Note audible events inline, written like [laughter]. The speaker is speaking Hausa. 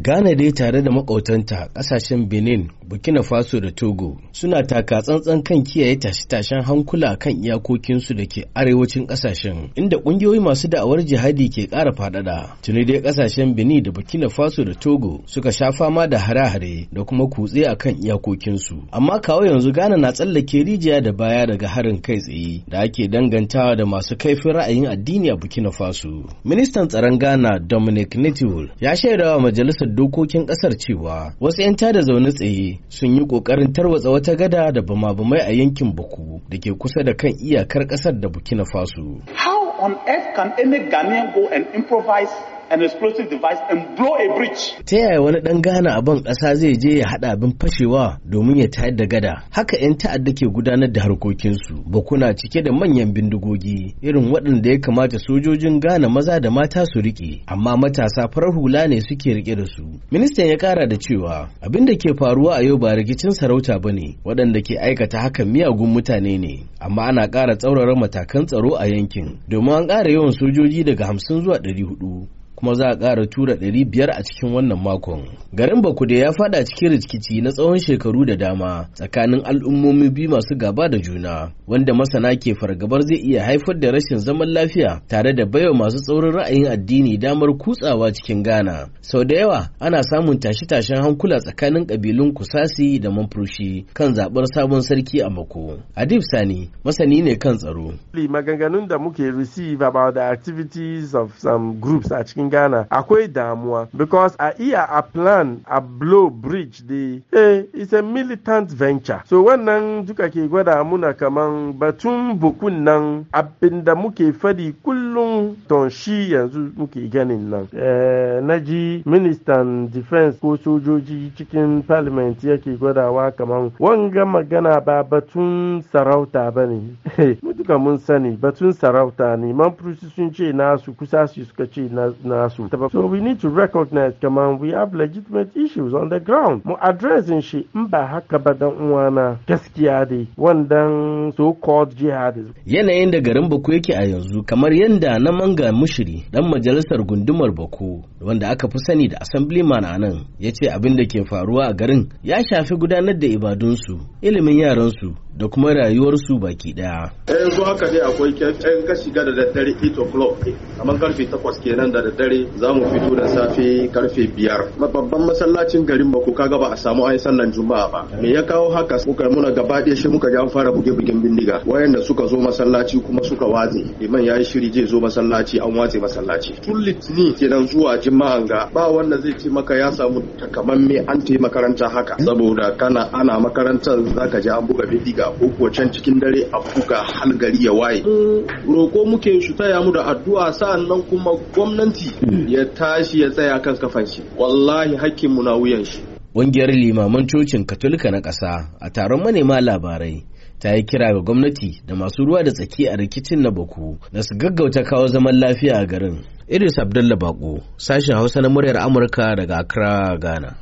Ghana dai tare da makautanta kasashen Benin, burkina faso da togo suna taka tsantsan kan kiyaye tashe-tashen hankula kan iyakokinsu da ke arewacin ƙasashen inda ƙungiyoyi masu da'awar jihadi ke ƙara faɗaɗa tuni dai ƙasashen benin da burkina faso da togo suka sha fama da hare-hare da kuma kutse a kan iyakokinsu amma kawo yanzu ghana na tsallake rijiya da baya daga harin kai tsaye da ake dangantawa da masu kaifin ra'ayin addini a burkina faso ministan tsaron ghana dominic netiwol ya shaidawa majalisar dokokin ƙasar cewa wasu 'yan tada zaune tsaye sun yi kokarin tarwatsa wata gada da bama-bamai a yankin Baku da ke kusa da kan iyakar kasar da Burkina Faso. How on earth can any Ghanaian go and improvise an explosive device and blow a bridge. Ta yaya wani ɗan gane a ban ƙasa zai je ya haɗa abin fashewa domin ya tayar da gada. Haka 'yan ta'adda ke gudanar da harkokinsu. Bakuna cike da manyan bindigogi irin waɗanda ya kamata sojojin gane maza da mata su riƙe, amma matasa farar hula ne suke riƙe da su. Ministan ya ƙara da cewa abin da ke faruwa a yau ba rikicin sarauta ba ne, waɗanda ke aikata hakan miyagun mutane ne, amma ana ƙara tsaurara matakan tsaro a yankin domin an ƙara yawan sojoji daga hamsin zuwa ɗari hudu kuma za a ƙara tura 500 a cikin wannan makon. Garin Bakude ya fada cikin rikici na tsawon shekaru da dama tsakanin al'ummomi biyu masu gaba da juna, wanda masana ke fargabar zai iya haifar da rashin zaman lafiya tare da baiwa masu tsaurin ra'ayin addini damar kutsawa cikin Ghana. Sau da yawa ana samun tashe-tashen hankula tsakanin ƙabilun Kusasi da Manfurshi kan zaɓar sabon sarki a Mako. Adib Sani masani ne kan tsaro. Maganganun da muke receive about the activities of some groups a cikin cikin ghana akwai damuwa because a iya a plan a blow bridge the eh it's a militant venture so wannan duka ke gwada muna kaman batun bukun nan abinda muke fadi kullum ton shi yanzu muke ganin nan eh, na ji ministan defense ko sojoji cikin parliament yake gwadawa kamar wanga magana ba batun sarauta ba ne [laughs] mutuka mun sani batun sarauta ne man sun ce nasu kusa su suka ce nasu so we need to recognize kamar we have legitimate issues on the ground mu addressing shi in ba haka ba dan uwana gaskiya dai wanda so called jihadism yanayin da garin baku yake a yanzu kamar yadda na manga ga mushiri dan majalisar gundumar bako wanda aka fi sani da assemblyman a nan ya ce abin da ke faruwa a garin ya shafi gudanar da ibadunsu ilimin yaransu da kuma rayuwarsu baki daya. yanzu eh, haka dai akwai kyan eh, ka shiga da daddare 8 o'clock kamar karfe 8 kenan da daddare za mu fito da safe karfe 5 babban masallacin garin ba ku kaga ba a samu ayi sallan juma'a ba me ya kawo haka muka muna gaba ɗaya shi muka ji an fara buge bugen bindiga wayanda suka zo masallaci kuma suka watse liman yayi shiri zai zo masallaci an watse masallaci tun litini kenan zuwa juma'an ga ba wanda zai ci maka ya samu takamamme an taimaka makaranta haka saboda kana ana makarantar zaka ji an buga bindiga buga can cikin dare a buga har gari ya waye roko muke shi taya mu da addu'a sa'annan kuma gwamnati hmm. ya tashi ya tsaya kan kafan shi wallahi hakkin mu na wuyan shi ƙungiyar limaman cocin katolika na ƙasa a taron manema labarai ta yi kira ga gwamnati da masu ruwa da tsaki a rikicin na baku na su gaggauta kawo zaman lafiya a garin idris abdullahi bako sashen hausa na muryar amurka daga accra ghana